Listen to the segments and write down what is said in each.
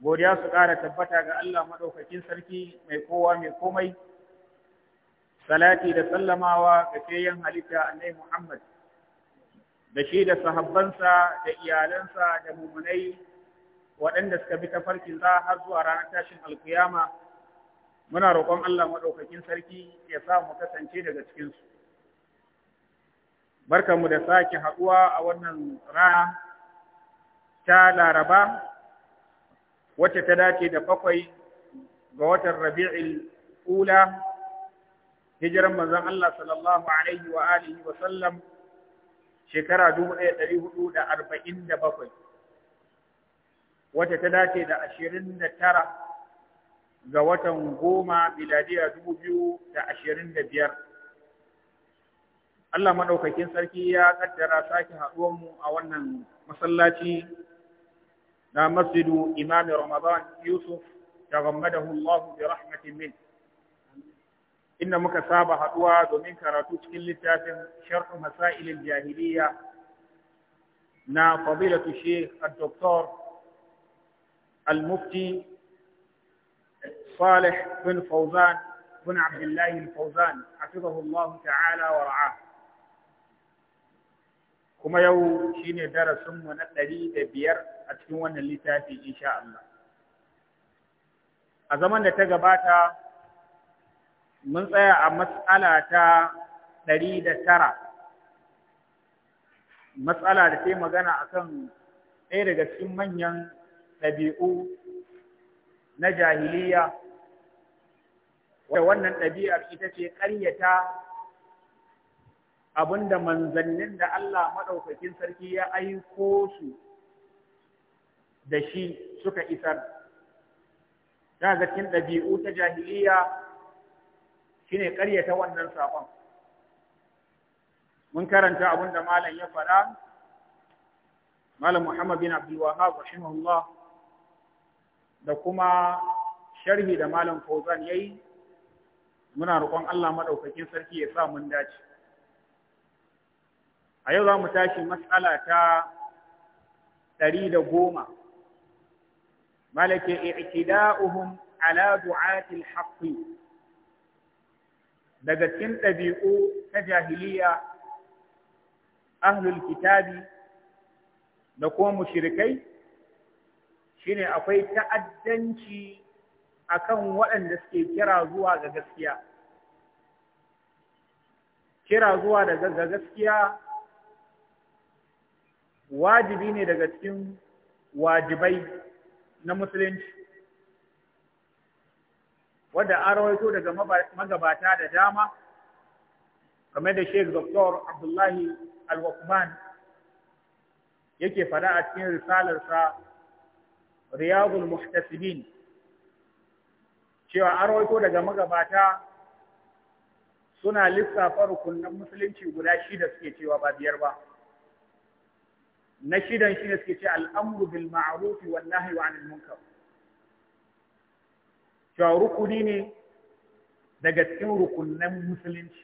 godiya su ƙara tabbata ga Allah maɗaukakin sarki mai kowa mai komai, salati da sallamawa ga fiyayyen halitta annai Muhammad, da shi da sahabbansa da iyalansa da mumunai waɗanda suka bi tafarkin za har zuwa ranar tashin alkiyama muna roƙon Allah maɗaukakin sarki ya sa mu kasance daga cikinsu. Barkanmu da sake haɗuwa a wannan rana ta Laraba wacce ta dace da bakwai ga watan rabi'il ula hijiran manzon Allah sallallahu alaihi wa alihi wa sallam shekara 1447 wacce ta dace da 29 ga watan goma miladiya 2025 Allah maɗaukakin sarki ya kaddara sake haɗuwanmu a wannan masallaci مسجد إمام رمضان يوسف تغمده الله برحمة منه إن مكسابة هدوى دومين كراتو كل لتاتم شرح مسائل الجاهلية نا فضيلة الشيخ الدكتور المفتي صالح بن فوزان بن عبد الله الفوزان حفظه الله تعالى ورعاه kuma yau shine mu na ɗari da biyar a cikin wannan littafi insha Allah. A zaman da ta gabata mun tsaya a matsala ta ɗari da tara, matsala da ta yi magana a kan ɗaya daga cikin manyan ɗabi'u na jahiliya, wannan ɗabi'ar ita ce ƙaryata da manzannin da Allah maɗaukakin sarki ya aiko su da shi suka isar. Ta cikin ɗabi'u ta jahiliya shine ƙaryata wannan saƙon. Mun karanta abinda malam ya faɗa, malam Muhammad bin Abdul Wahab da kuma sharhi da malam Fauzan yi, muna roƙon Allah maɗaukakin sarki ya sa mun dace. a yau za mu tashi matsala ta ɗari da goma malake i'tida'uhum ala du'atil haqqi daga cikin ɗabi'u ta jahiliya ahlul kitabi da kuma mushrikai shine akwai ta'addanci akan waɗanda suke kira zuwa ga gaskiya kira zuwa da gaskiya wajibi ne daga cikin wajibai na musulunci wadda an rawaito daga magabata da dama kamar da Sheikh Dr. Abdullahi Al-Wakman yake fada a cikin risalarsa Riyadul Muhtasibin cewa an rawaito daga magabata suna lissafa rukunin musulunci guda shida suke cewa ba biyar ba na shidan shi ne suke ce al'amru bil ma'ruf wal wa 'anil munkar cewa rukuni ne daga cikin rukunan musulunci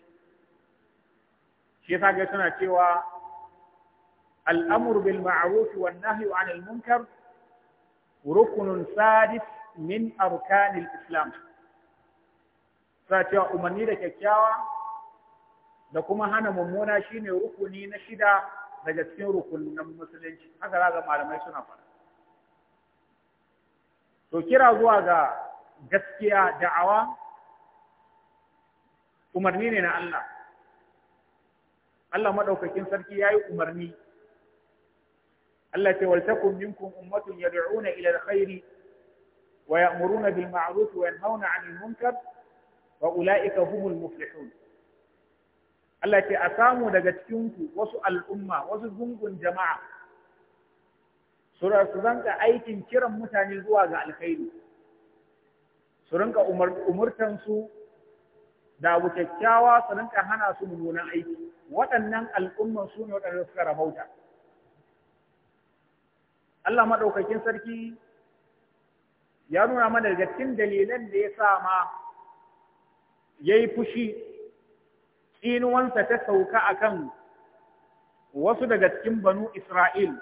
shi yasa ga suna cewa al'amru bil ma'ruf wal nahyi wa 'anil munkar rukunun sadis min arkanil islam sa cewa umarni da kyakkyawa da kuma hana mummuna shine rukuni na shida daga cikin rukunin musulunci haka za ga malamai suna fara. to kira zuwa ga gaskiya da'awa umarni ne na Allah Allah madaukakin sarki yayi umarni Allah ce waltakum minkum ummatun yad'una ila alkhairi wa ya'muruna bil ma'ruf wa yanhauna 'anil munkar wa ulaika humul muflihun Allah ce a samu daga cikinku wasu al'umma wasu zungun jama'a su zanka aikin kiran mutane zuwa ga alkhairi su rinka umurtansu da abu kyakkyawa su rinka hana su mummunan aiki waɗannan al'umman su ne waɗanda suka rabauta Allah maɗaukakin sarki ya nuna mana daga cikin dalilan da ya sa ma ya yi fushi tsinuwansa ta sauka akan wasu daga cikin banu Isra'il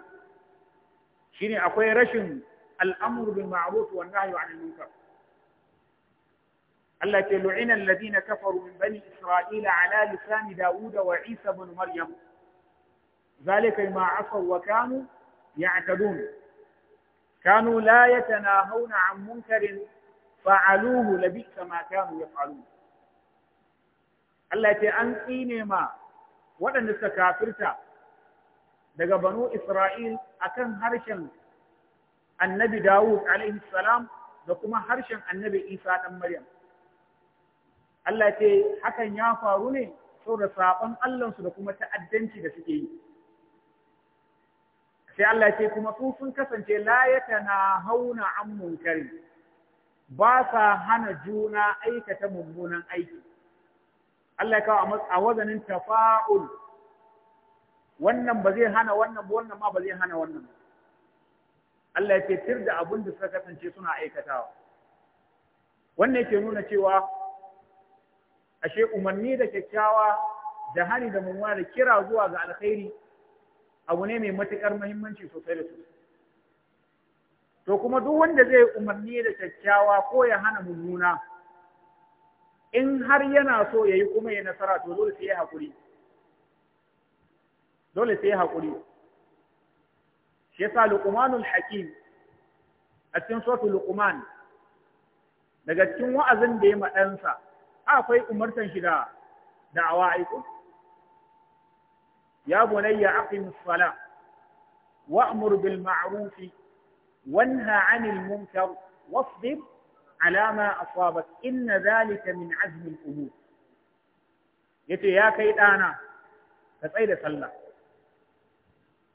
shine akwai rashin al'amru bil ma'ruf wan nahyi 'anil munkar Allah ke lu'ina alladhina kafaru min bani Isra'ila ala lisan Dawud wa Isa ibn Maryam zalika ma asaw wa kanu ya'tadun kanu la yatanahawna 'an munkarin fa'aluhu labisa ma kanu yaf'alun Allah ce an tsine ma waɗanda suka kafirta daga banu Isra'il akan harshen annabi Dawud alaihi salam da kuma harshen annabi Isa ɗan Maryam. Allah ce hakan ya faru ne saboda saɓon Allahnsu da kuma ta'addanci da suke yi. Sai Allah ce kuma su sun kasance layata na hauna an munkari, ba sa hana juna aikata mummunan aiki. Allah ya kawo a wazanin tafa'ul wannan ba zai hana wannan ba wannan ma ba zai hana wannan ba Allah ya ce tir da abun da suka kasance suna aikatawa wannan yake nuna cewa ashe umarni da kyakkyawa da hani da mummuna da kira zuwa ga alkhairi abu ne mai matukar muhimmanci sosai da sosai to kuma duk wanda zai umarni da kyakkyawa ko ya hana mummuna in har yana so ya yi kuma ya nasara to dole sai ya haƙuri dole sai ya haƙuri shi yasa luqmanul hakim a cikin sura luqman daga cikin wa'azin da ya maɗansa akwai umartan shi da da'awa aiku ya bunayya aqim as-salah wa'mur bil ma'ruf wanha 'anil munkar wasbir ala ma asabak inna zalika min azmi al yace ya kai ɗana, ka tsai da sallah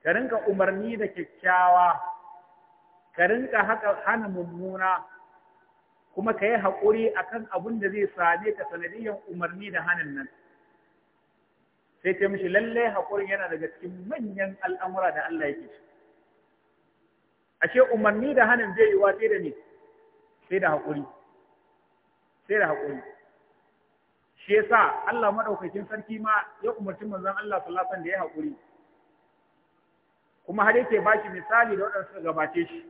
ka rinka umarni da kyakkyawa ka rinka haka hana mummuna kuma ka yi haƙuri akan abin da zai same ka sanadiyyar umarni da hanin nan sai ta mishi lalle haƙurin yana daga cikin manyan al'amura da Allah yake shi ashe umarni da hanin zai yi wa da ne sai da haƙuri sai da haƙuri shi yasa Allah madaukakin sarki ma ya umarci manzon Allah sallallahu alaihi wasallam da ya haƙuri kuma har yake bashi misali da waɗanda suka gabace shi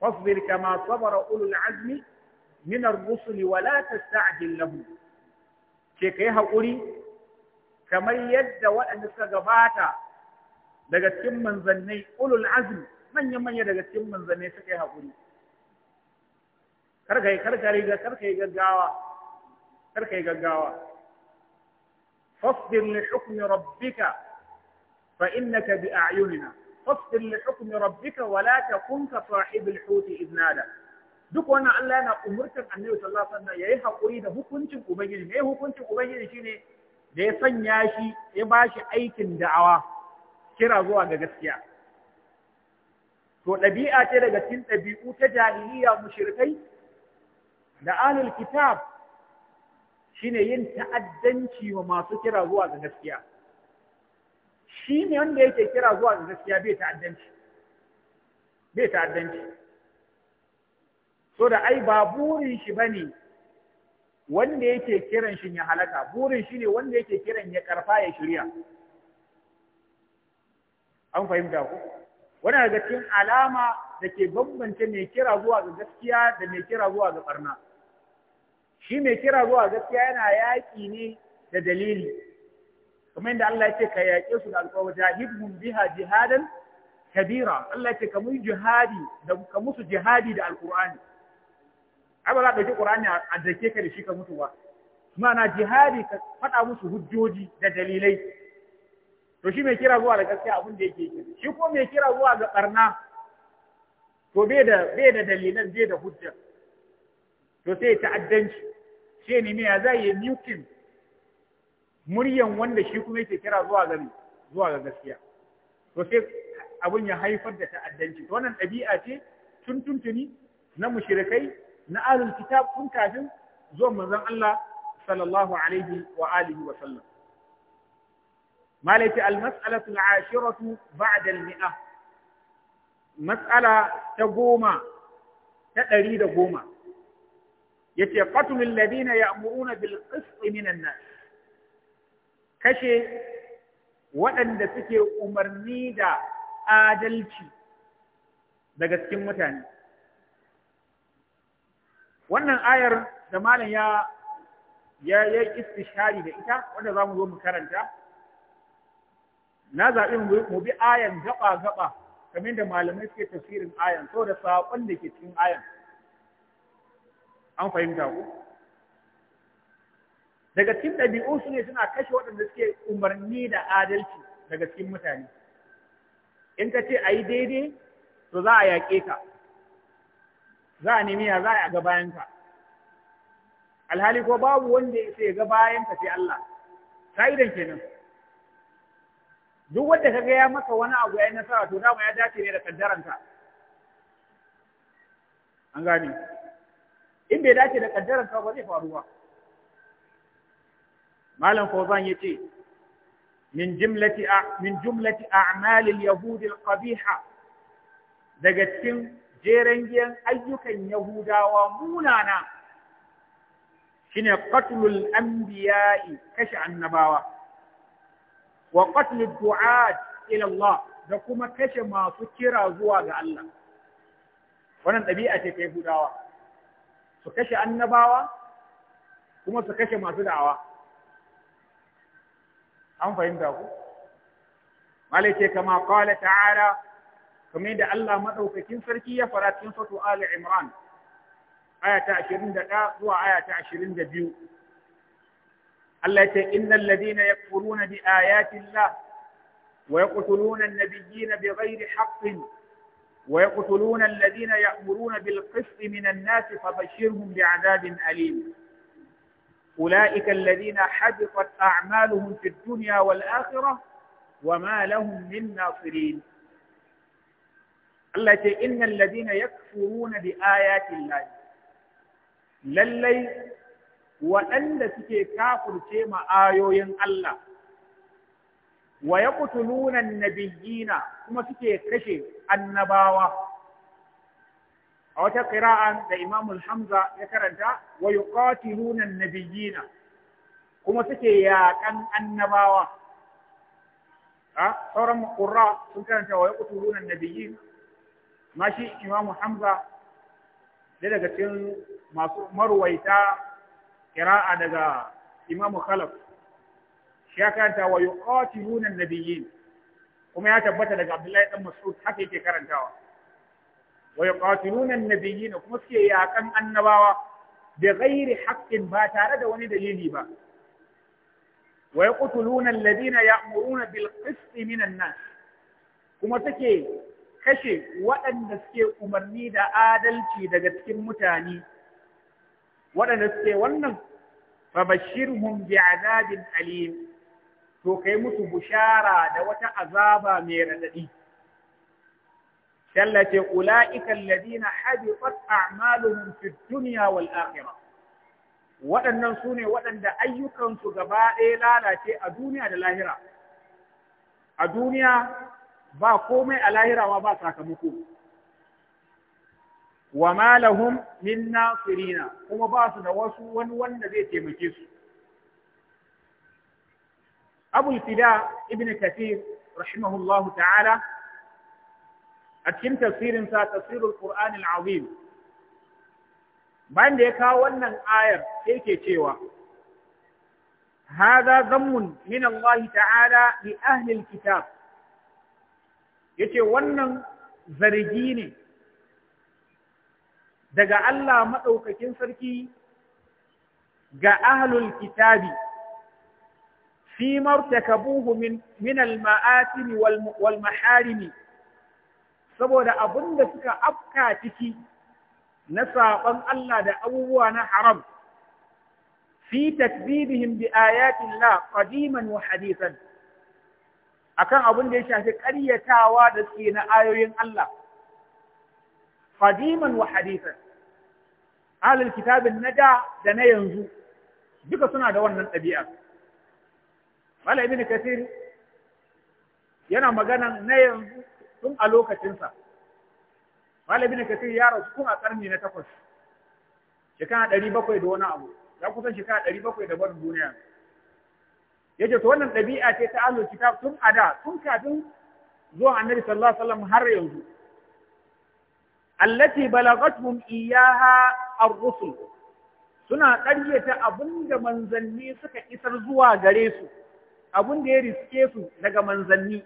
fasbir kama sabara ulul azmi min ar-rusul wa la tasta'jil lahu ce kai haƙuri kamar yadda waɗanda suka gabata daga cikin manzannai ulul azmi manya manya daga cikin manzannai suka yi haƙuri karka yi karka yi gaggawa karka yi gaggawa fasbir li hukmi rabbika fa innaka bi a'yunina fasbir li hukmi rabbika wa la takun ka sahibil huti idnada duk wannan Allah yana umurtar Annabi sallallahu alaihi wasallam yayi hakuri da hukuncin ubangiji Me hukuncin ubangiji shine da ya sanya shi ya bashi aikin da'awa kira zuwa ga gaskiya to ɗabi'a ce daga cikin ɗabi'u ta jahiliya mushrikai da alul kitab shine yin ta'addanci wa masu kira zuwa ga gaskiya shi ne wanda yake kira zuwa ga gaskiya bai ta'addanci bai ta'addanci so da ai ba burin shi bane wanda yake kiran shi ya halaka burin shi ne wanda yake kiran ya karfa ya shirya an fahimta ku wani daga cikin alama da ke bambance mai kira zuwa ga gaskiya da mai kira zuwa ga barna shi mai kira zuwa gaskiya yana yaƙi ne da dalili kuma yadda Allah ce ka yaƙe su da alƙawar jahidhum biha jihadan kabira Allah ce ka mun jihadi da ka musu jihadi da alƙur'ani ai ba za ka ɗauki ƙur'ani a dake ka da shi ka mutu ba mana jihadi ka faɗa musu hujjoji da dalilai to shi mai kira zuwa da gaskiya abin da yake yi shi ko mai kira zuwa ga ɓarna to bai da dalilan bai da hujja to sai ta'addanci sai ne ya zai yi mutin muryan wanda shi kuma yake kira zuwa ga zuwa ga gaskiya to sai abin ya haifar da ta'addanci to wannan ɗabi'a ce tun tuntuni na mushrikai na ahlul kitab kun kafin zuwa manzon Allah sallallahu alaihi wa alihi wa sallam malati al-mas'alatu ashiratu ba'da al-mi'ah mas'ala ta goma ta ɗari da goma yace qatlul ladina ya'muruna bil qist an nas kashe waɗanda suke umarni da adalci daga cikin mutane wannan ayar da malam ya ya yi istishari da ita wanda za mu zo mu karanta na zaɓi mu bi ayan gaba gaba kamar da malamai suke tafsirin ayan saboda saƙon da ke cikin ayan an fahimta ku daga cikin ɗabi'u, Sune suna kashe waɗanda suke umarni da adalci daga cikin mutane in ka ce a yi daidai to za a yaƙe ka za a nemi ya za a ga bayanka alhali ko babu wanda ya ce ga bayanka sai Allah sa'idan kenan duk wanda kaga ya maka wani abu ya nasara to dama ya dace ne da kaddaranka an gane in bai dace da kaddaran ka ba zai faru ba malam fawzan yace min jumlati min jumlati a'mal al-yahud al-qabiha daga cikin jerengiyan ayyukan yahudawa munana shine qatlul anbiya'i kashe annabawa wa qatlud du'at ila Allah da kuma kashe masu kira zuwa ga Allah wannan ɗabi'a ce ta Yahudawa su kashe annabawa kuma su kashe masu da'awa an fahimta ku malike kama qala ta'ala kamar yadda Allah maɗaukakin sarki ya fara cikin sura Ali Imran aya ta 21 zuwa aya ta 22 Allah ya ce innal ladina yakfuruna bi ayati Allah wa yaqtuluna an-nabiyyina bighayri haqqin ويقتلون الذين يأمرون بالقسط من الناس فبشرهم بعذاب أليم أولئك الذين حبطت أعمالهم في الدنيا والآخرة وما لهم من ناصرين التي إن الذين يكفرون بآيات الله للي وأن تكي كافر تيما آيوين الله wa yaqtuluna nabiyina kuma suke kashe annabawa a wata ƙira'a da Imam Hamza ya karanta wa yuqatiluna nabiyina kuma suke yaƙan annabawa a sauran ƙura sun karanta wa yaqtuluna nabiyina ma shi Imam Hamza da daga cikin masu marwaita ƙira'a daga Imam Khalaf shi ya karanta wa yuqatiluna nabiyyin kuma ya tabbata daga Abdullahi dan Mas'ud haka yake karantawa wa yuqatiluna nabiyyin kuma suke yakan annabawa bi ghairi haqqin ba tare da wani dalili ba wa yaqtuluna alladhina ya'muruna bil qisti minan nas kuma take kashe waɗanda suke umarni da adalci daga cikin mutane waɗanda suke wannan fabashirhum bi azabin alim to kai musu bushara da wata azaba mai radadi tallace ula'ika alladhina habitat a'maluhum fid dunya wal akhirah waɗannan su ne waɗanda ayyukansu gaba ɗaya lalace a duniya da lahira a duniya ba komai a lahira ma ba sakamako wa malahum min nasirina kuma ba su da wasu wani wanda zai taimake su Abulfida fida ibn kathir rahimahullahu ta'ala a cikin tafsirin sa tafsirul qur'an al-azim bayan ya kawo wannan ayar sai yake cewa hadha dhammun min Allah ta'ala li ahli al-kitab yace wannan zargi ne daga Allah madaukakin sarki ga ahlul kitabi fi martakabuhu min min al-ma'atim wal maharim saboda abinda suka afka ciki na saban Allah da abubuwa na haram fi takdibihim bi ayatin la qadiman wa hadithan akan abin da ya shafi ƙaryatawa da suke na ayoyin Allah qadiman wa hadithan ahlul kitabin nada da na yanzu duka suna da wannan ɗabi'a Mala ibn Kathir yana magana na yanzu tun a lokacinsa. Mala ibn Kathir ya rasu kuma a ƙarni na takwas. Shekara ɗari bakwai da wani abu. Ya kusan shekara ɗari bakwai da barin duniya. Ya ce, to wannan ɗabi'a ce ta Allah kitab tun a da, tun kafin zuwa annabi sallallahu alaihi wasallam har yanzu. Allati balagatum iyaha ar-rusul. Suna ƙaryata abinda manzanni suka isar zuwa gare su. abun da ya riske su daga manzanni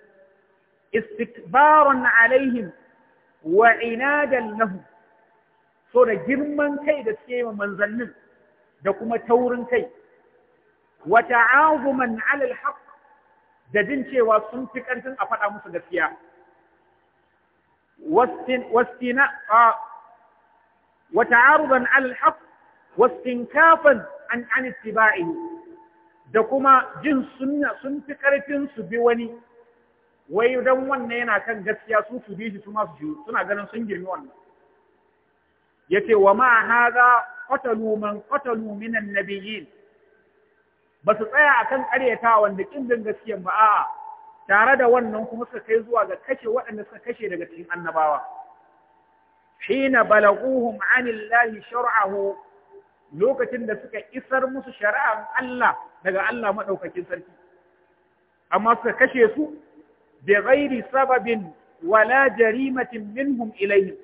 istikbaran alaihim wa inadan lahu so da girman kai da suke ma manzannin da kuma taurin kai wa ta'azuman ala alhaq da jin cewa sun fi kantin a faɗa musu gaskiya wastina wa ta'arudan ala alhaq wastinkafan an an ittiba'ihi da kuma jin sunna sun fi karfin su bi wani wai dan wannan yana kan gaskiya su su bi shi su suna ganin sun girmi wannan yace wa ma hadha qatalu man qatalu min annabiyyin su tsaya akan ƙaryata wanda kin din gaskiya ba a'a tare da wannan kuma suka kai zuwa ga kashe waɗanda suka kashe daga cikin annabawa hina balaguhum anillahi shar'ahu lokacin da suka isar musu shari'ar Allah daga Allah maɗaukakin sarki amma suka kashe su bi ghairi sababin wala jarimatin minhum ilayhim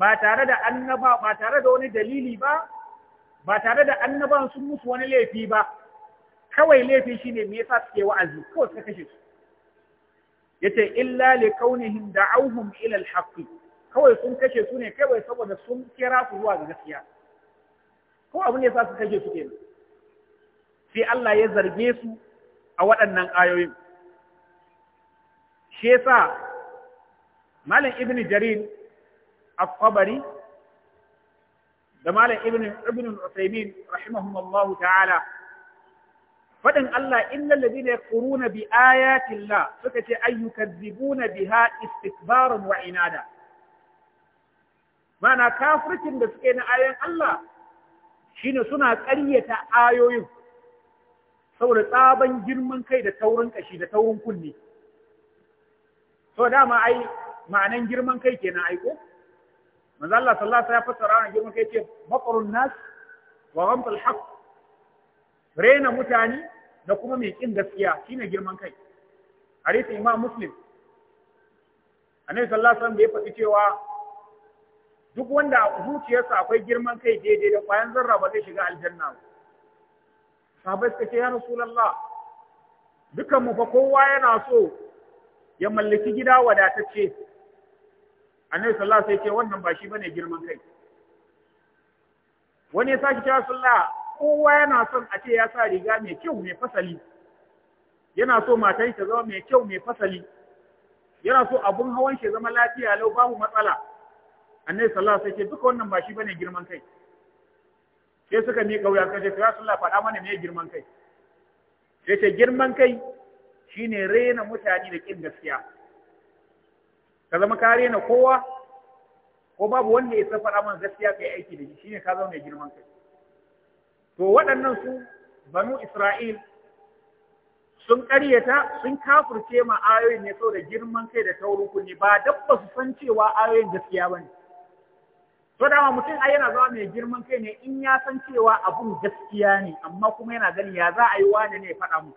ba tare da annaba ba tare da wani dalili ba ba tare da annaban sun musu wani laifi ba kawai laifi shine me yasa suke wa'azi kawai suka kashe su yace illa li kaunihim da'awhum ila al-haqq kawai sun kashe su ne kawai saboda sun kira su zuwa ga gaskiya ko abin ya sa su kashe su kenan sai Allah ya zarge su a waɗannan ayoyin shi yasa malam ibnu jarir at-tabari da malam ibnu ibnu usaymin rahimahumullahu ta'ala fadin Allah innal ladina yaquruna bi ayati Allah suka ce ayyukadzibuna biha istikbaran wa inada mana kafirkin da suke na ayoyin Allah shine suna ƙaryata ayoyin saboda tsaban girman kai da taurin kashi da taurin kunne to dama ai ma'anan girman kai kenan aiko manzo Allah sallallahu alaihi wasallam ya fassara rana girman kai ce baqarun nas wa ghamtul haqq rena mutane da kuma mai kin gaskiya shine girman kai hadisi imam muslim annabi sallallahu alaihi wasallam bai faɗi cewa duk wanda a zuciyarsa akwai girman kai daidai da kwayan zarra ba zai shiga aljanna ba sahabai suka ce ya rasulullah dukan mu fa kowa yana so ya mallaki gida wadatacce annabi sallallahu alaihi wasallam ce wannan ba shi bane girman kai wani ya saki cewa sallah kowa yana son a ce ya sa riga mai kyau mai fasali yana so matar ta zama mai kyau mai fasali yana so abun hawan shi zama lafiya lau babu matsala annabi sallallahu alaihi wasallam duka wannan ba shi bane girman kai sai suka mi kauya suka ce ya sallah faɗa mana me girman kai sai ce girman kai shine rena mutane da kin gaskiya ka zama ka rena kowa ko babu wanda ya faɗa mana gaskiya kai aiki da shi shine ka zama mai girman kai to waɗannan su banu Isra'il sun ƙaryata sun kafurce ma ayoyin ne saboda girman kai da taurin kunni ba dabba su san cewa ayoyin gaskiya bane to dama mutum ai yana zama mai girman kai ne in ya san cewa abun gaskiya ne amma kuma yana gani ya za a yi wani ne faɗa mu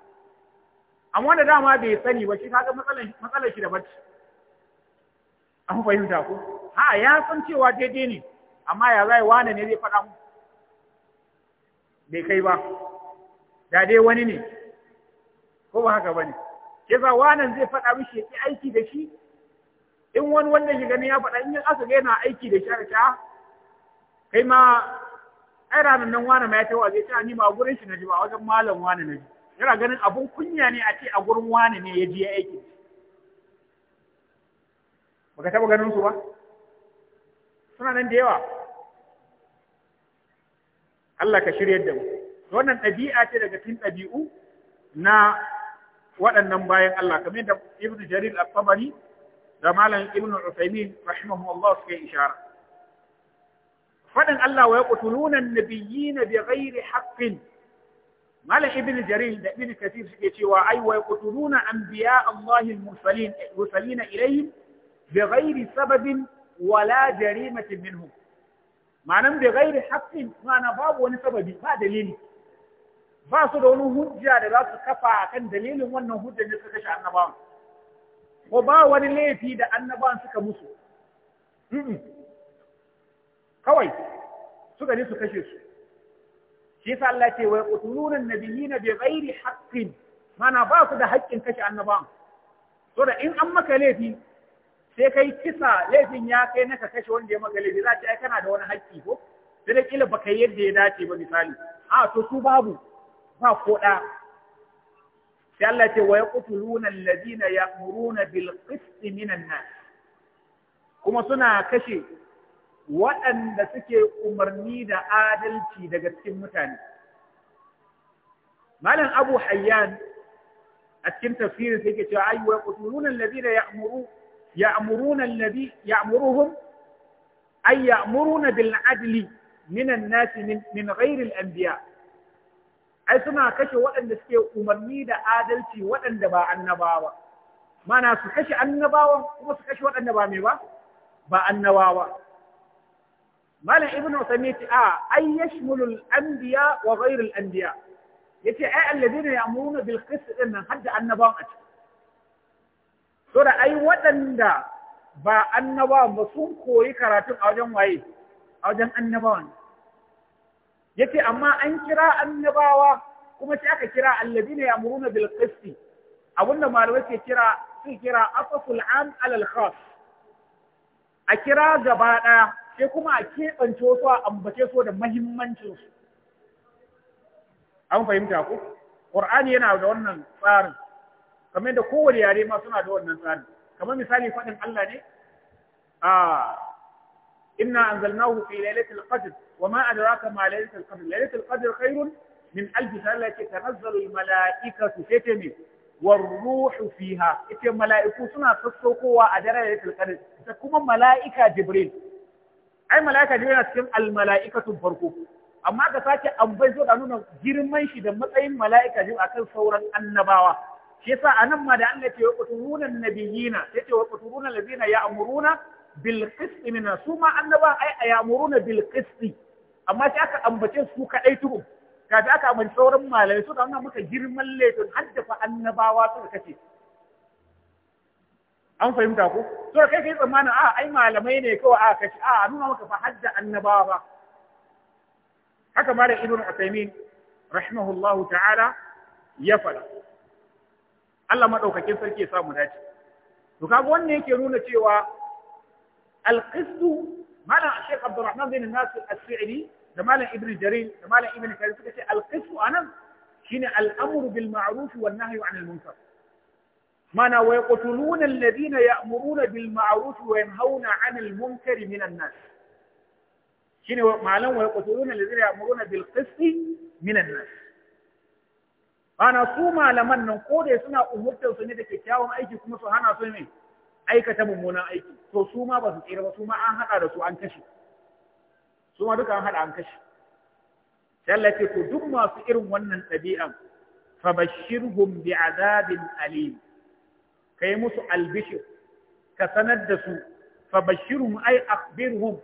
amma wanda dama bai sani ba shi kaga matsalar matsalar shi da bacci an fahimta ko ha ya san cewa daidai ne amma ya za a yi wani ne zai faɗa mu bai kai ba da dai wani ne ko ba haka ba ne za wani zai faɗa mishi ya aiki da shi in wani wanda shi gani ya faɗa in yi aka yana aiki da shi a kai ma ai ranar nan wani ma ya tawo zai ah, ni ba gurin shi na ji ba wajen malam wani na ji yana ganin abun kunya ne a ce a gurin wani ne ya ji ya aiki baka taba ganin su ba suna nan da yawa Allah ka shiryar da mu wannan ɗabi'a ce daga cikin ɗabi'u na waɗannan bayan Allah kamar yadda Ibn Jarir al-Tabari da Malam Ibn Uthaymeen rahimahullah suka yi ishara faɗin Allah wa ya ƙutuluna nabiyyi na bi haƙƙin Malam Ibn Jarir da Ibn Kathir suke cewa ai wa ya ƙutuluna an biya Allahin mursalina ilayhim bi ghairi sababin wala jarimatin minhum. Ma'anan bi ghairi haƙƙin ma'ana babu wani sababi ba dalili. Ba su da wani hujja da za su kafa kan dalilin wannan hujjar da suka kashe annabawan. Ko ba wani laifi da annaban suka musu. kawai suka ne su kashe su shi yasa Allah ce wai yaqtuluna nabiyina bi ghairi haqqin mana ba su da haƙƙin kashe annabawan so da in an maka laifi sai kai kisa laifin ya kai naka kashe wanda ya maka laifi za ta ai kana da wani haƙƙi ko sai da kila baka yadda ya dace ba misali a to su babu ba ko da sai Allah ce wa yaqtuluna alladhina ya'muruna bil qist minan nas kuma suna kashe waɗanda suke umarni da adalci daga cikin mutane. Malam Abu Hayyan a cikin tafsirin sai ke cewa ayyuwa qutuluna alladhina ya'muru ya'muruna alladhi ya'muruhum ay ya'muruna bil adli min an-nas min min ghairi al-anbiya ai suna kashe waɗanda suke umarni da adalci waɗanda ba annabawa mana su kashe annabawa kuma su kashe waɗanda ba me ba ba annabawa malam ibnu usaymin ce a wa ai bil nan annabawan a ciki so da ai waɗanda ba annabawan ba sun koyi karatun a wajen waye a wajen annabawan yace amma an kira annabawa kuma sai aka kira alladina ya'muruna bil qist abinda malamai ke kira sun kira afasul alal khas a kira gaba ɗaya sai kuma a keɓance wasu a ambace su da mahimmancinsu. An fahimta ku? Ƙur'ani yana da wannan tsarin, kamar da kowane yare ma suna da wannan tsarin. Kamar misali faɗin Allah ne, a inna anzalnahu fi lailatul qadr wa ma adraka ma lailatul qadr lailatul qadr khairun min alf sana ke tanazzalu al malaikatu fetemi والروح فيها ita mala'iku suna sassokowa a daren lailatul qadr ta kuma mala'ika jibril ai mala'ika jibril yana cikin almala'ikatun farko amma ka sake ambai zo da nuna girman shi da matsayin mala'ika jibril akan sauran annabawa shi yasa anan ma da Allah ya ce wa quturuna nabiyina ya ce wa quturuna allazina ya'muruna bil qist min suma annaba ai ya'muruna bil qist amma sai aka ambace su kadai tuku kafi aka amince sauran malai suka nuna maka girman laifin haddafa annabawa suka kace an fahimta ko to kai kai tsammanin a ai malamai ne kawai a kashi a nuna maka fa hadda annabawa ba haka mara ibn Uthaymeen rahimahullahu ta'ala ya fada Allah madaukakin sarki ya samu dace to kaga wannan yake nuna cewa al-qisdu malam Sheikh Abdurrahman bin Nasir As-Sa'idi da malam Ibn Jarir da malam Ibn Kathir suka ce al-qisdu anan shine al-amru bil ma'ruf wan nahyu 'anil munkar mana wa yaqtuluna alladhina ya'muruna bil ma'ruf wa yanhauna 'anil munkari minan nas shine malan wa yaqtuluna alladhina ya'muruna bil qisti minan nas ana su malaman nan ko dai suna umurtar su ne da kyakkyawan aiki kuma su hana su ne aikata mummunan aiki to su ma ba su tsira ba su ma an hada da su an kashe su ma duka an hada an kashe Allah ce to duk masu irin wannan ɗabi'an fa bashirhum bi azabin alim Kai musu albishir ka sanar da su fa ai ay akhbirhum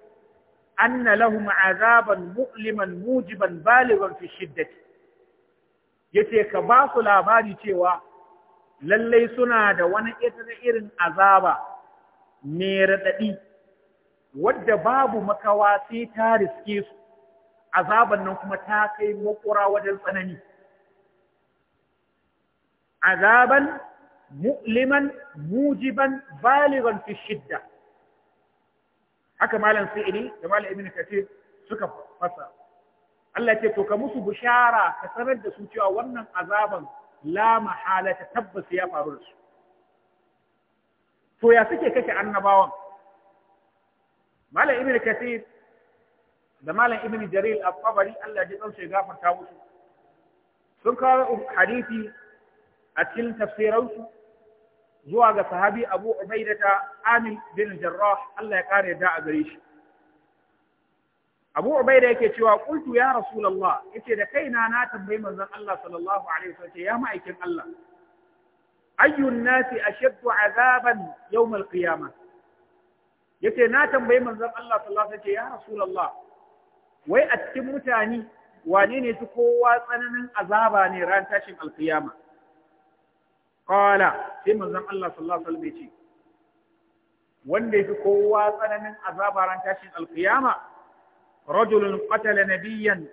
anna lahum azaban mu'liman mujiban baligan fi shiddati yace ka ba su labari cewa lallai suna da wani irin azaba mai raɗaɗi wadda babu makawa sai ta riske su azaban nan kuma ta kai makura wajen tsanani azaban mu'liman mujiban baligan fi shidda haka malam sa'idi da malam ibnu kathir suka fasa Allah ce to ka musu bishara ka sanar da su cewa wannan azaban la mahala ta tabbas ya faru da su to ya suke kake annabawan malam ibnu kathir da malam ibnu jarir al Allah ya dan sai gafarta musu sun kawo hadisi a cikin tafsiransu zuwa ga sahabi Abu ta Amin bin Jarrah Allah ya kare da a gare shi Abu Ubaida yake cewa qultu ya Rasulullah yace da kaina na tambayi manzon Allah sallallahu alaihi wasallam ya ma'aikin Allah ayyun nasi ashaddu azaban yawm al-qiyamah yace na tambayi manzon Allah sallallahu alaihi wasallam ya Rasulullah wai a cikin mutane wane ne su kowa tsananin azaba ne ran tashin alkiyama qala sai manzon Allah sallallahu alaihi wasallam ya ce wanda yafi kowa tsananin azaba ran tashin alqiyama rajulun qatala nabiyyan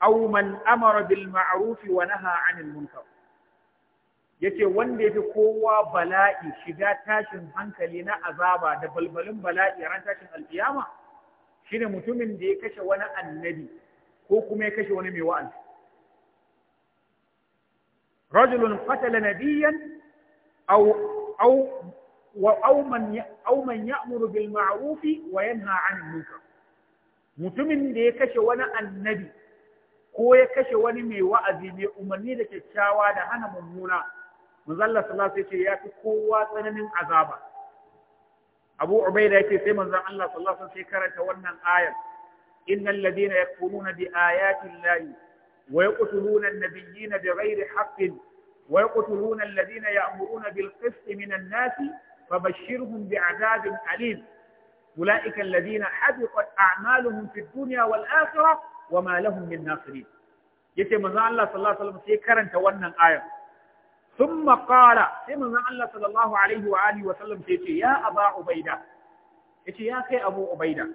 aw man amara bil ma'ruf wa naha 'anil munkar yace wanda yafi kowa bala'i shiga tashin hankali na azaba da balbalin bala'i ran tashin alqiyama shine mutumin da ya kashe wani annabi ko kuma ya kashe wani mai wa'azi رجل قتل نبيا أو أو أو من أو من يأمر بالمعروف وينهى عن المنكر mutumin da ya kashe wani annabi ko ya kashe wani mai wa'azi mai umarni da kyakkyawa da hana mummuna manzalla sallallahu alaihi wasallam ya fi kowa tsananin azaba Abu Ubaida yake sai manzon Allah sallallahu alaihi wasallam sai karanta wannan ayar innal ladina yakfuruna bi ayati llahi ويقتلون النبيين بغير حق ويقتلون الذين يأمرون بالقسط من الناس فبشرهم بعذاب أليم أولئك الذين حبطت أعمالهم في الدنيا والآخرة وما لهم من ناصرين yace manzon Allah sallallahu alaihi wasallam sai karanta wannan ayar thumma qala sai manzon Allah sallallahu alaihi wa alihi wasallam ce ya aba ubaida yace ya kai abu ubaida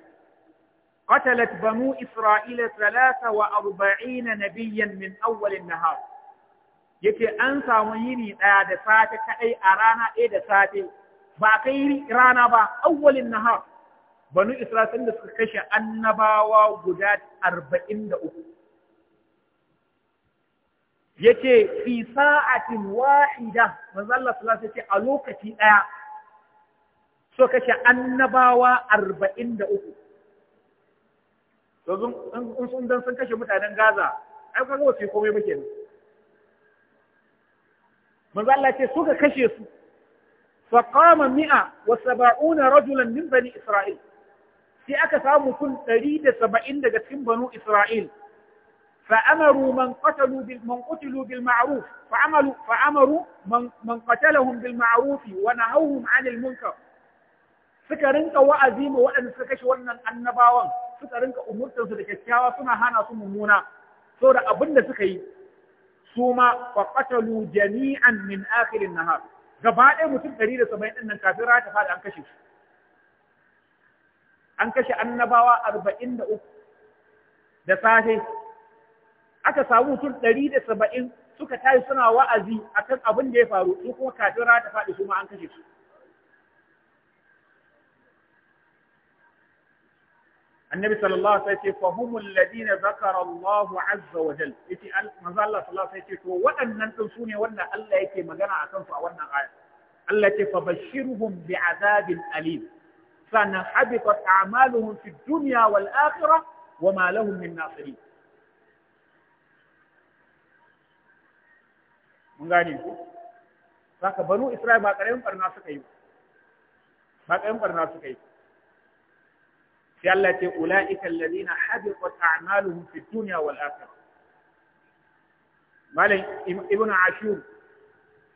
قتلت بنو إسرائيل ثلاثة وأربعين نبيا من أول النهار yake an samu yini ɗaya da safe kaɗai a rana ɗaya da safe. ba kai rana ba awwalin nahar banu isra'il da suka kashe annabawa guda arba'in da uku yace fi sa'atin wahida manzo Allah sallallahu alaihi a lokaci ɗaya so kashe annabawa arba'in da uku yanzu in sun dan sun kashe mutanen Gaza ai kaga wasu komai muke kenan manzo Allah ce suka kashe su fa qama mi'a wa sab'una rajulan min bani Isra'il sai aka samu mutum 170 daga cikin banu Isra'il فأمروا من قتلوا من قتلوا بالمعروف فعملوا فأمروا من من قتلهم بالمعروف ونهوهم عن المنكر suka rinka wa'azi ma waɗanda suka kashe wannan annabawan suka rinka umurtar da kyakkyawa suna hana su mummuna saboda abin da suka yi su ma fa qatalu jami'an min akhirin nahar gaba ɗaya mutum 170 din nan kafin rata fada an kashe su an kashe annabawa 43 da safe aka samu mutum 170 suka tashi suna wa'azi akan abin da ya faru su kuma kafin rata fada su ma an kashe su annabi sallallahu alaihi wasallam fa humul ladina zakara Allah azza wa jal yace manzo Allah sallallahu alaihi wasallam to waɗannan din sune wanda Allah yake magana a kansu a wannan aya Allah ce fa bashirhum bi'adabin alim sannan habitat a'maluhum fi dunya wal akhirah wama lahum min nasirin mun gane ku saka banu Isra'il ba ƙaramin barna suka yi ba ƙaramin barna suka yi sai Allah ce ula'ika alladhina habitat a'maluhum fid dunya wal akhirah malam ibnu ashur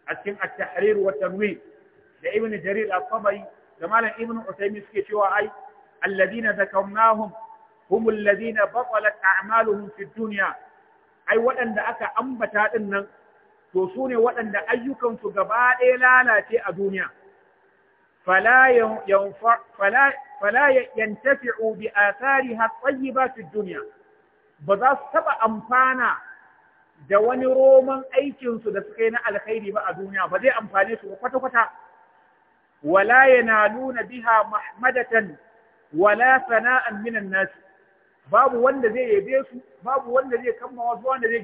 a cikin at-tahrir wa tanwir da ibnu jarir al-tabari da malam ibnu usaymin suke cewa ai alladhina zakarnahum hum alladhina batalat a'maluhum fid dunya ai waɗanda aka ambata din nan to su ne waɗanda ayyukansu gaba ɗaya lalace a duniya fala fala yantafi'u bi athariha at-tayyiba fi dunya ba za su taba amfana da wani roman aikin su da suka yi na alkhairi ba a duniya ba zai amfane su kwata kwata wala yanaluna biha mahmadatan wala sana'an minan nas babu wanda zai yabe su babu wanda zai kamma wasu wanda zai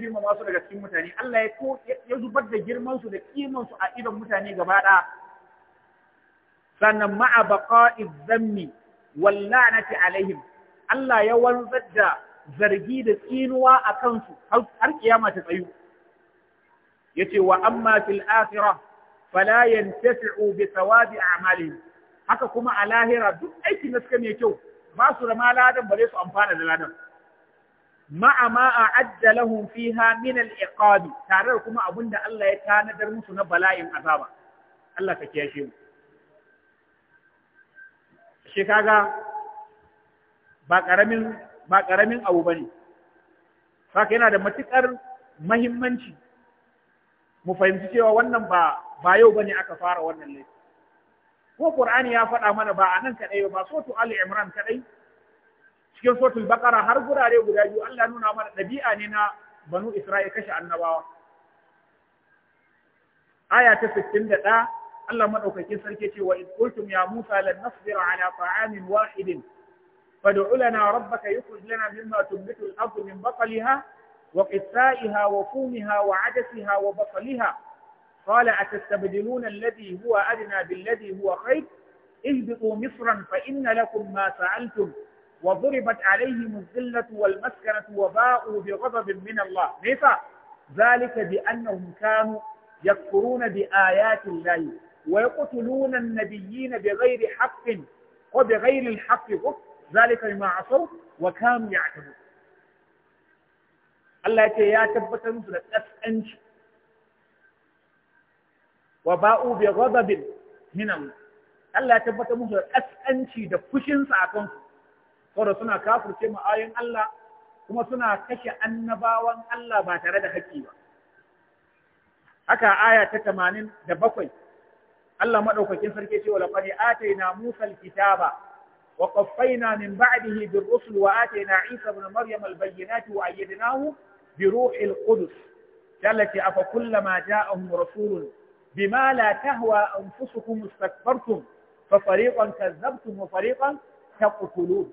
daga cikin mutane Allah ya ko ya zubar da girman su da kiman su a idon mutane gaba ɗaya sannan ma'a baqa'iz zammi wallanati alaihim Allah ya wanzar da zargi da tsinuwa a kansu har kiyama ta tsayu yace wa amma fil akhirah fala yantafi'u bi thawabi a'malihim haka kuma a lahira duk aikin da suka mai kyau ba su da ma ladan su amfana da ladan ma'a ma a'adda lahum fiha min al-iqabi tare da kuma abinda Allah ya tanadar musu na bala'in azaba Allah ka kiyashe mu ashe kaga ba karamin ba karamin abu bane saka yana da matukar mahimmanci mu fahimci cewa wannan ba ba yau bane aka fara wannan laifi ko Qur'ani ya faɗa mana ba a nan kaɗai ba sotu al Imran kaɗai cikin sotul Baqara har gurare guda biyu Allah nuna mana ɗabi'a ne na Banu Isra'il kashe annabawa aya ta 61 Allah madaukakin sarki ce wa id qultum ya Musa lan nasbira ala ta'amin wahidin fad'u lana rabbaka yukhrij lana mimma tunbitu al-ardu min baqliha wa qithaiha wa fumiha wa 'adasiha wa basaliha قال أتستبدلون الذي هو أدنى بالذي هو خير اهبطوا مصرا فإن لكم ما سألتم وضربت عليهم الذلة والمسكنة وباءوا بغضب من الله ليس ذلك بأنهم كانوا يكفرون بآيات الله ويقتلون النبيين بغير حق وبغير الحق ذلك بما عصوا وكانوا يعتدون Allah ya ce ya tabbatar musu da ƙasƙanci wa ba'u bi ghadabin min Allah Allah ya tabbatar musu da ƙasƙanci da fushin akan saboda suna kafurce mu Allah kuma suna kashe annabawan Allah ba tare da haƙƙi ba haka aya ta 87 Allah madaukakin sarki ce wa laqad atayna Musa al-kitaba wa qaffayna min ba'dihi bir-rusul wa atayna Isa ibn Maryam al-bayyinati wa ayyadnahu bi ruhil qudus allati afa kullama ja'ahum rasulun bima la tahwa anfusukum istakbartum fa fariqan kazzabtum wa fariqan taqtulun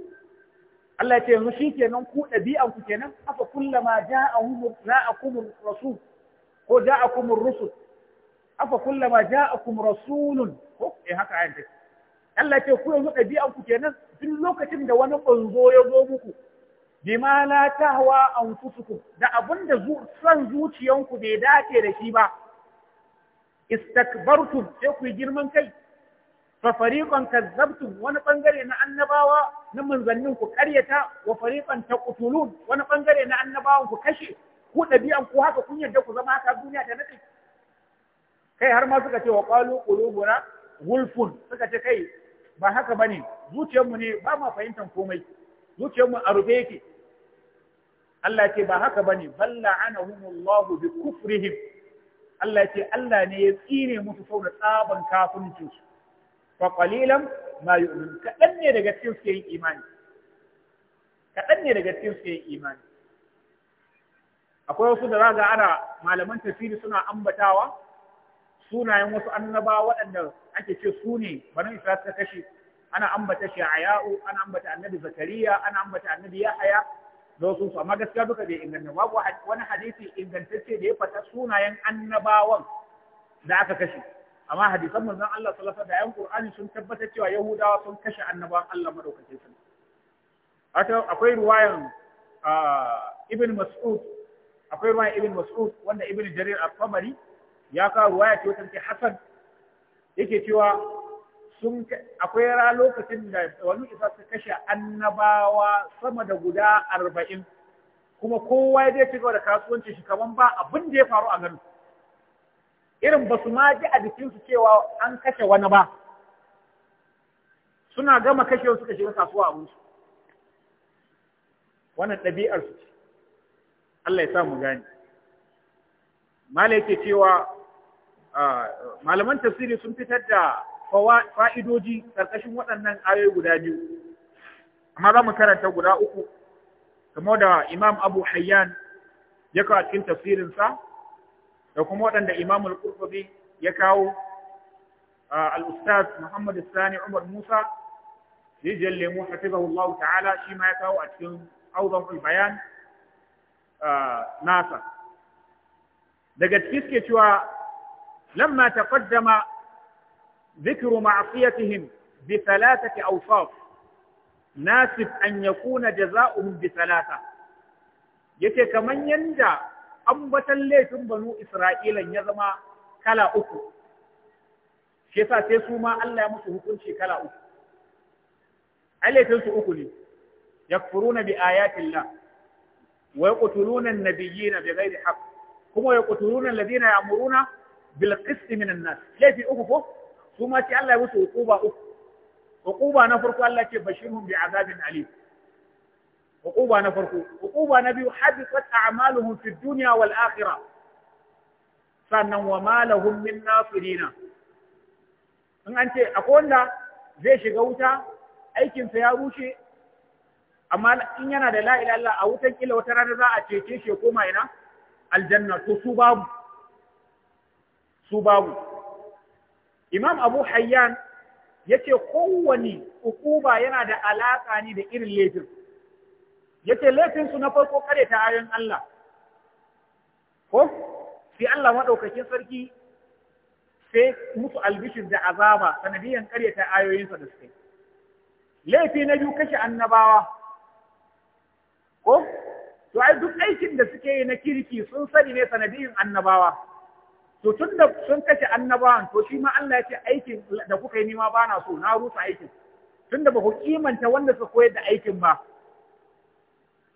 Allah ce yanzu shi kenan ku ɗabi'an ku kenan afa kullama ja'ahum ja'akum rasul ko ja'akum rusul afa kullama ja'akum rasulun ko E, haka ayan take Allah ce ku yanzu ɗabi'an ku kenan duk lokacin da wani ƙwanzo ya zo muku bima la tahwa anfusukum da abinda san zuciyanku bai dace da shi ba istakbartum sai ku girman kai fa fariqan kazzabtum wani bangare na annabawa na manzannin ku karyata wa fariqan taqtulun wani bangare na annabawan ku kashe ku ɗabi'an ku haka kun yarda ku zama haka duniya ta nade kai har ma suka ce wa qalu qulubuna gulfun suka ce kai ba haka bane zuciyarmu ne ba ma fahimtar komai zuciyarmu a rufe yake Allah ce ba haka bane balla anahumullahu bi kufrihim Allah ce Allah ne ya tsine musu saboda tsaban kafircin su fa qalilan ma yu'min kadan ne daga cikin su yin imani kadan ne daga cikin su yin imani akwai wasu da zaga ana malaman tafsiri suna ambatawa sunayen wasu annabawa waɗanda ake ce su ne banu Isra'il ta kashe ana ambata Sha'aya'u ana ambata Annabi Zakariya ana ambata Annabi Yahaya da wasu su amma gaskiya duka bai inganta babu wani hadisi ingantacce da ya fata sunayen annabawan da aka kashe amma hadisan manzon Allah sallallahu alaihi wasallam da ayan Qur'ani sun tabbatar cewa Yahudawa sun kashe annabawan Allah madaukakin sarki haka akwai ruwayan ah, Ibn Mas'ud akwai ruwayan Ibn Mas'ud wanda Ibn Jarir al-Tabari ya kawo ya ce wata hasan yake cewa sun akwai ra lokacin da wani isa su kashe annabawa sama da guda arba'in kuma kowa ya je cigaba da kasuwanci shi kaman ba abin da ya faru a garin irin ba su ma ji a jikinsu cewa an kashe wani ba suna gama kashe suka shiga kasuwa a musu wannan ɗabi'ar su ce Allah ya sa mu gane Mala yake cewa malaman tafsiri sun fitar da fa'idoji ƙarƙashin waɗannan ayoyi guda biyu amma za mu karanta guda uku kamar da imam abu hayyan ya kawo cikin tafsirinsa da kuma waɗanda imam al ya kawo al Muhammadu sani umar musa rijiyar lemu hafizahu allah ta'ala shi ma ya kawo a cikin auzan bayan nasa daga cikin suke cewa لما تقدم ذكر معصيتهم بثلاثة أوصاف ناسب أن يكون جزاؤهم بثلاثة يكي كمن ينجا أمبتا ليتم بنو إسرائيل يزما كلا أكو شيسا تيسو ما ألا يمسه كل كلا أكو ألا تيسو أكولي يكفرون بآيات الله ويقتلون النبيين بغير حق كما يقتلون الذين يأمرون bil qisti minan nas laifi uku ko su ma Allah ya musu uquba uku uquba na farko Allah ce bashirhum bi azabin alim uquba na farko uquba na biyu habitat a'maluhum fid dunya wal akhirah sannan wa ma lahum min nasirina in an ce akwai wanda zai shiga wuta aikinsa ya rushe amma in yana da la ilaha a wutan kila wata rana za a cece shi ya koma ina aljanna to su babu su babu imam abu hayyan yace kowane ukuba yana da alaƙa ne da irin laifin Ya ce laifinsu na farko kare ta ayoyin Allah ko sai Allah maɗaukakin sarki sai musu albishir da azaba sanadiyan kare ta ayoyinsa da suke laifi na biyu kashe annabawa ko to ai duk aikin da suke yi na kirki sun sani ne sanadiyan annabawa to tun da sun kashe annabawan to shi ma Allah ya ce aikin da kuka yi nima ba na so na rusa aikin tun da ba ku kimanta wanda suka koyar da aikin ba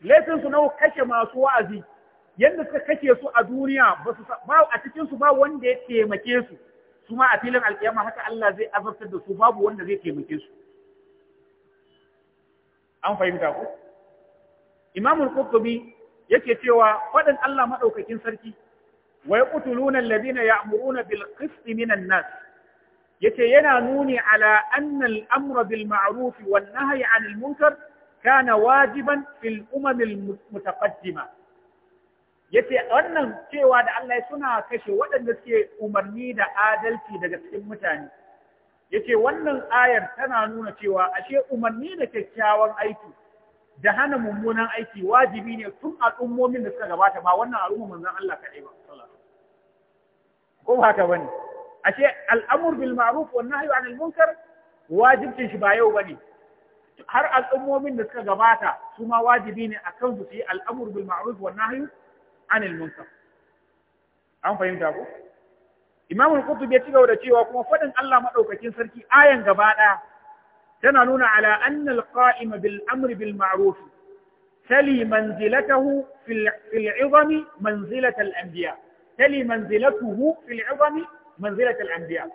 laifinsu su nawa kashe masu wa'azi yadda suka kashe su a duniya ba su ba a cikin su ba wanda ya taimake su su ma a filin alƙiyama haka Allah zai azabtar da su babu wanda zai taimake su an fahimta ko imamul qurtubi yake cewa faɗin Allah madaukakin sarki wa yaqtuluna ladina ya'muruna bil qist minan nas yace yana nuni ala 'annan amra bil ma'ruf wan nahyi 'anil munkar kana wajiban fil umam al mutaqaddima yace wannan cewa da Allah suna kashe waɗanda suke umarni da adalci daga cikin mutane yace wannan ayar tana nuna cewa ashe umarni da kyakkyawan aiki da hana mummunan aiki wajibi ne tun al'ummomin da suka gabata ba wannan al'umma manzan Allah kaɗai ba ko ba haka bane ashe al'amur bil ma'ruf wan nahyu anil munkar wajibcin shi ba yau bane har al'ummomin da suka gabata su ma wajibi ne kan su yi al'amur bil ma'ruf wan nahyu anil munkar an fahimta ko Imam al-Qurtubi ya gaba da cewa kuma faɗin Allah madaukakin sarki ayan gaba ɗaya tana nuna ala anna alqa'ima bil amri bil ma'ruf tali manzilatahu fil fil 'izami manzilat al anbiya tali manzilatuhu fil 'izami manzilat al anbiya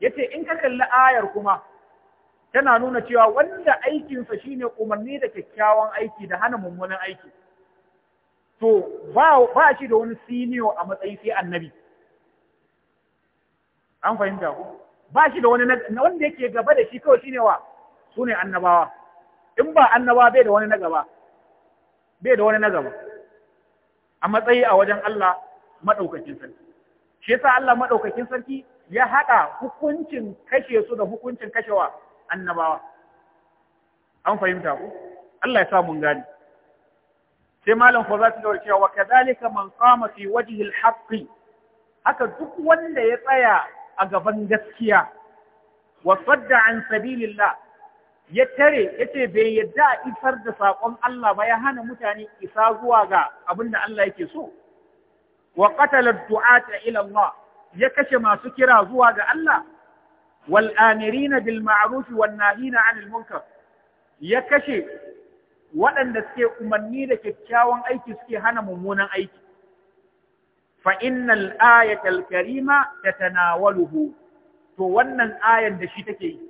yace in ka kalli ayar kuma tana nuna cewa wanda aikinsa shine umarni da kyakkyawan aiki da hana mummunan aiki to ba ba shi da wani senior a matsayi sai annabi an fahimta ku ba shi da wani wanda yake gaba da shi kawai shine wa su ne annabawa in ba annabawa bai da wani na gaba bai da wani na gaba a matsayi a wajen Allah maɗaukakin sarki shi yasa Allah maɗaukakin sarki ya haɗa hukuncin kashe su da hukuncin kashewa annabawa an fahimta ku Allah ya sa mun gani sai malam fa za ta daura cewa kadhalika man qama fi wajhi al-haqqi haka duk wanda ya tsaya a gaban gaskiya wa sadda an sabilillah ya tare ya ce bai yadda a isar da saƙon Allah ba ya hana mutane isa zuwa ga abin da Allah yake so. Wa qatalar du'ata ila Allah ya kashe masu kira zuwa ga Allah wal amirina bil ma'ruf wan nahina 'anil munkar ya kashe waɗanda suke umarni da kyakkyawan aiki suke hana mummunan aiki. Fa innal ayatal karima tatanawaluhu to wannan ayan da shi take yi.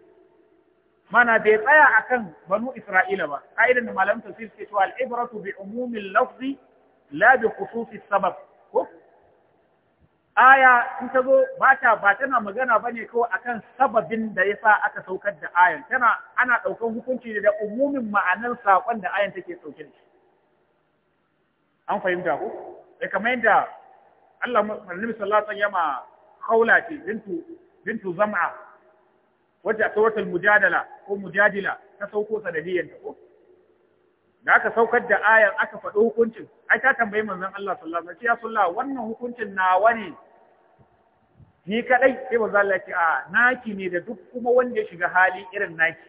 mana bai tsaya akan banu Isra'ila ba ka'idan da malamin tafsir ke cewa al-ibratu bi umumil lafzi la bi sabab ko aya in ta zo ba ta ba tana magana ba ne kawai akan sababin da ya sa aka saukar da ayan tana ana ɗaukar hukunci da umumin ma'anar saƙon da ayan take ɗauke da shi an fahimta ko da eh, kamar yadda Allah Annabi sallallahu alaihi wasallam yama khawla ce bintu bintu wacce wata mujadala ko mujadila ta sauko sanadiyan ta ko da aka saukar da ayar aka faɗi hukuncin ai ta tambayi manzon Allah sallallahu alaihi wasallam ya sallallahu wannan hukuncin nawa ne ni kadai sai manzon Allah ya ce a naki ne da duk kuma wanda ya shiga hali irin naki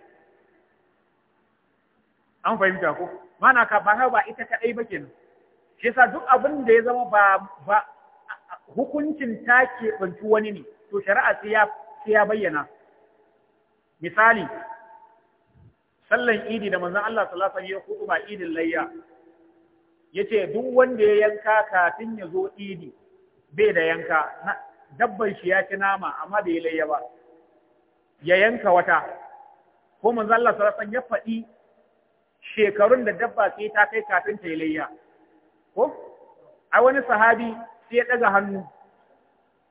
an fahimta ko mana ka ba ba ita kadai ba kenan shi yasa duk abin da ya zama ba hukuncin ta wani ne to shari'a sai sai ya bayyana misali sallan idi da manzon Allah sallallahu alaihi wasallam ya kudu ba idin layya yace duk wanda ya yanka kafin ya zo idi bai da yanka dabban shi ya ci nama amma bai layya ba ya yanka wata ko manzon Allah sallallahu alaihi wasallam ya faɗi shekarun da dabba sai ta kai kafin ta yi layya ko a wani sahabi sai ya ɗaga hannu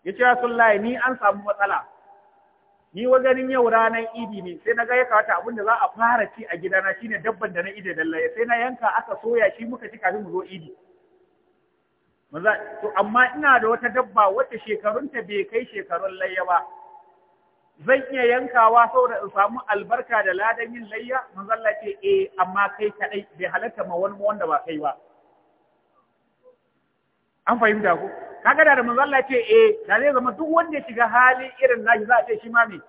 ya ce ni an samu matsala ni ganin yau ranar idi ne sai na ga ya kawata abin da za a fara ci a gidana shine dabban da na ide dallaye sai na yanka aka soya shi muka ci kafin mu zo idi to amma ina da wata dabba wata shekarunta bai kai shekarun layya ba zan iya yankawa saboda in samu albarka da ladan yin layya manzo Allah ce eh amma kai kadai bai halatta ma wani wanda ba kai ba an fahimta ko kaga da manzo Allah ce eh da zai zama duk wanda ya shiga hali irin nashi za a ce shi ma ne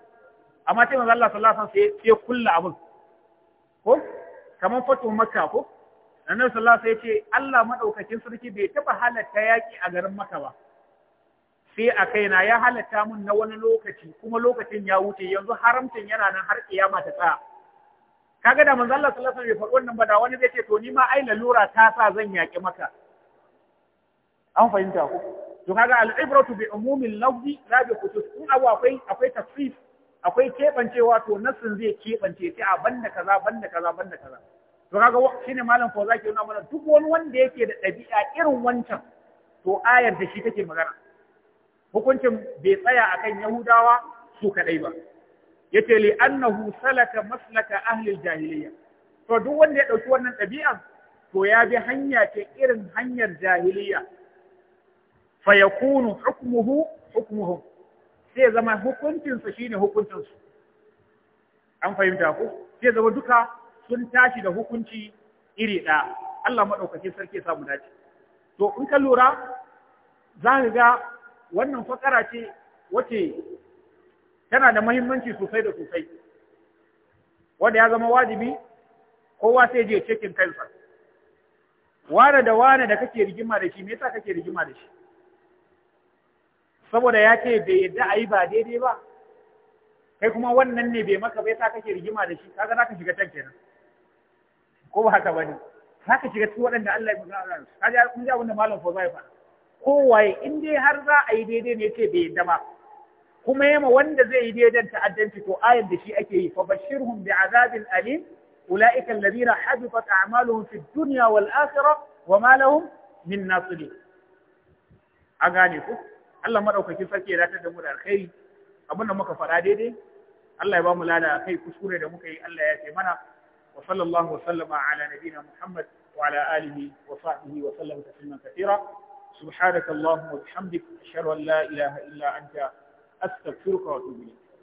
amma sai manzo Allah sallallahu alaihi wasallam sai ya kulla abun ko kamar fatu makka ko annabi sallallahu alaihi wasallam ya ce Allah madaukakin sarki bai taba halatta yaki a garin makka ba sai a kaina ya halatta mun na wani lokaci kuma lokacin ya wuce yanzu haramcin yana nan har kiyama ta tsaya kaga da manzo Allah sallallahu alaihi wasallam bai faɗi wannan ba da wani zai ce to ni ma ai lalura ta sa zan yaki maka an fahimta ku to kaga al-ibratu bi umumil lafzi la bi khusus in abu akwai akwai tasrif akwai kebancewa to nassin zai kebance sai a banda kaza banda kaza banda kaza to kaga shine malam ko zaki yana mana duk wani wanda yake da dabi'a irin wancan to ayar da shi take magana hukuncin bai tsaya akan yahudawa su kadai ba yace li annahu salaka maslaka ahli jahiliyya to duk wanda ya dauki wannan dabi'a to ya bi hanya ce irin hanyar jahiliyya fayakunu yakunu hukmuhu hukmuhum sai zama hukuncin su shine hukuncin su an fahimta ko sai zama duka sun tashi da hukunci iri ɗaya Allah madaukakin sarki ya samu dace to in ka lura za ka ga wannan fakara ce wace tana da mahimmanci sosai da sosai wanda ya zama wajibi kowa sai je cikin kansa wane da wane da kake rigima da shi me yasa kake rigima da shi saboda ya ce bai yadda a yi ba daidai ba kai kuma wannan ne bai maka bai sa kake rigima da shi kaga za ka shiga can kenan ko ba haka bane za ka shiga cikin waɗanda Allah ya magana ka ji kun ji abin da malam Fawzai fa kowaye in dai har za a yi daidai ne ce bai yadda ba kuma yama wanda zai yi daidai ta'addanci ko ayar da shi ake yi fa bashirhum bi'azabin alim أولئك الذين حبطت أعمالهم في الدنيا والآخرة وما لهم من ناصرين أغانيكم Allah madaukakin sarki ya datar da mu da alkhairi abin da muka faɗa daidai Allah ya ba mu lada kai kuskure da muka yi Allah ya taimana. mana wa sallallahu wa sallama ala nabina Muhammad wa ala alihi wa sahbihi wa sallam tasliman kathira subhanakallahumma wa bihamdik ashhadu an la ilaha illa anta astaghfiruka wa atubu ilayk